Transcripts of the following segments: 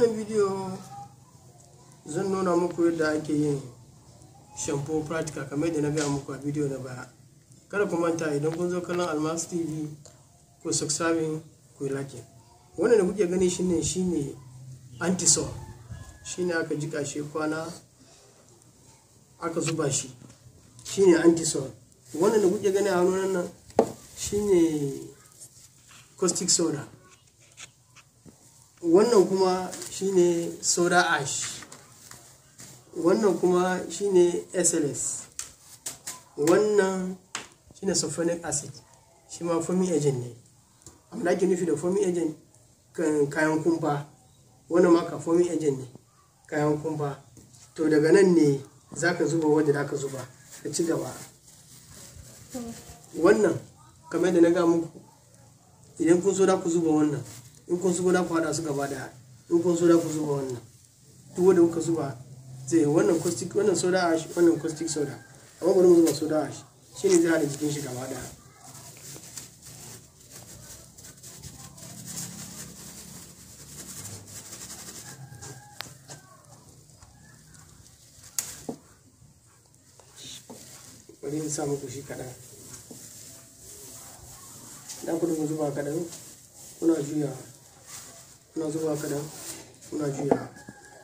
wannan bidiyo zan nuna muku yadda ake yin shampoo practical kamar yadda na gaya muku a bidiyo na baya kada ku manta idan kun zo kallon almas tv ku subscribe ku like wannan da kuke gani shine shine antisol shine aka jika shi kwana aka zuba shi shine antisol wannan da kuke gani a hannun nan shine caustic soda wannan kuma shine soda ash wannan kuma shine sls wannan shine sulfonic acid shi ma fomi agent ne amma ake nufi da fomi agent kayan kumfa wannan ma ka foaming agent ne kayan kumfa to daga nan ne za ka zuba wadda za ka zuba ka ci gaba wannan kamar da na ga muku idan kun so da ku zuba wannan in kun zuba na ku haɗa su gaba da in kun so ku zuba wannan duk wanda kuka zuba zai wannan caustic wannan soda ash wannan caustic soda amma bari mu zuba soda ash shine zai haɗa jikin shi gaba da bari in sa muku shi kaɗan dan ku zuba kaɗan kuna juyawa kuna zuwa kada kuna juya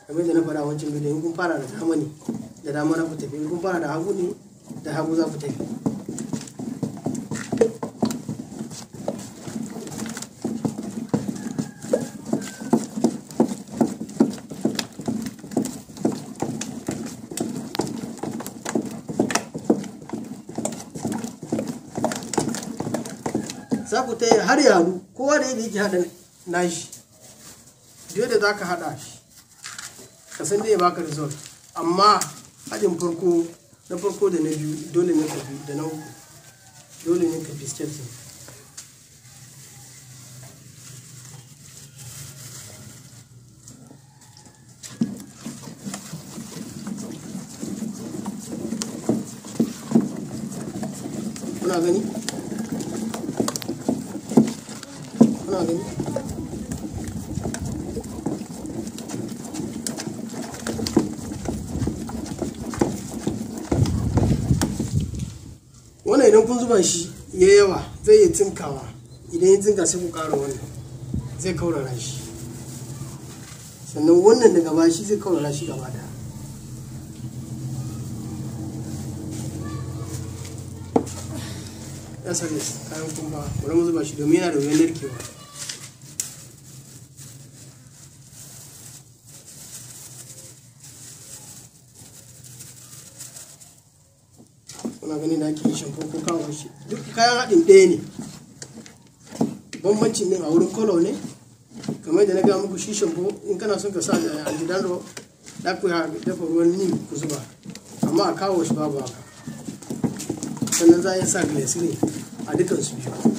kamar da na fara wancan bidiyon kun fara da dama ne da dama na ku tafi kun fara da hagu ne da hagu za ku tafi za ku ta har yaro kowa da yake haɗa nashi duk da za ka haɗa shi ka san ya baka result amma haɗin farko na farko da na biyu dole ne ka bi da na uku dole ne ka bi steps ne kuna gani gani kun zuba shi ya yawa zai iya tsinkawa idan ya tsinka sai ku ƙara wannan zai kaurara shi sannan wannan da gaba shi zai kaurara shi gaba da ya sani kayan kuma wani zuba shi domin yana da wuyan narkewa magani na ake shampo ko kawo shi duk kayan haɗin ɗaya ne bambancin ne a wurin kolo ne kamar da na gaya muku shi shampo in kana son ka sa da ro da ku dafa ruwan ni ku zuba amma a kawo shi babu haka sannan za a yi sa glycerin a dukansu biyu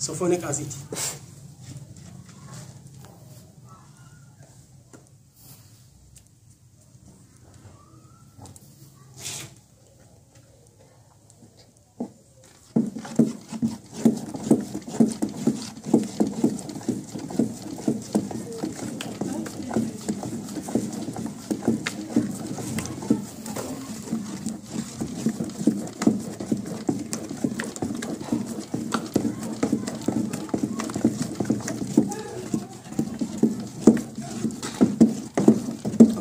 Sofone Kazit.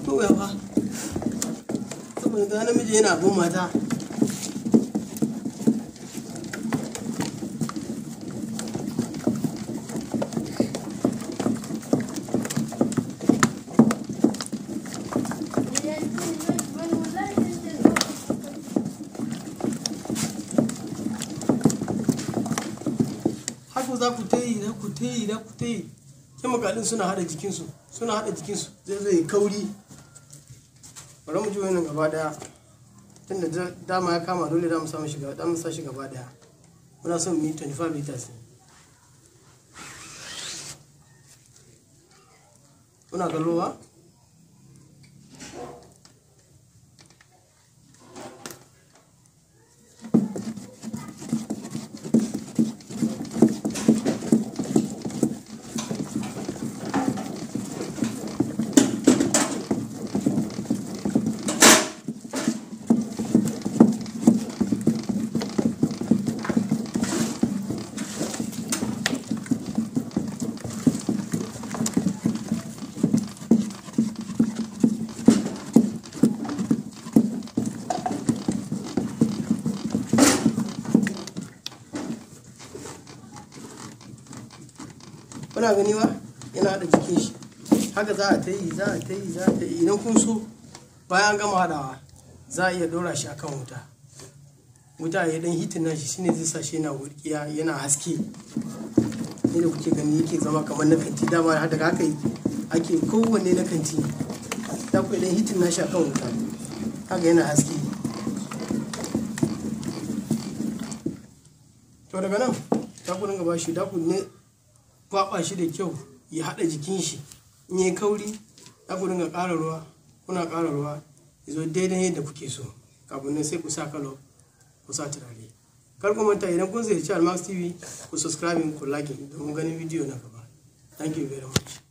to yawa saboda ga namiji yana bin mata haka za ku ta yi za ku ta yi za ku ta yi makalin suna hada jikinsu suna hada jikinsu zai zai kauri bari mu ji wani gaba daya tunda dama ya kama dole da mu samu shiga damu sa shi gaba daya muna son mu yi 25 liters muna kallowa muna gani ba yana da jikin shi haka za a ta yi za a ta yi za a ta yi idan kun so bayan gama haɗawa za a iya dora shi akan wuta wuta ya dan hitin nashi shine zai sa shi yana wurkiya yana haske ne da kuke gani yake zama kamar na kanti dama har daga haka ake kowanne na kanti ta ku dan hitin nashi akan wuta haka yana haske to daga nan ta ku dinga bashi da ku ne kwaɓa shi da kyau ya haɗa jikin shi in yi kauri za ku dinga ƙara ruwa kuna ƙara ruwa ya zo daidai yadda kuke so kafin nan sai ku sa kalo ku sa turare kar ku manta idan kun ziyarci almax tv ku subscribe ku like domin ganin bidiyo na gaba thank you very much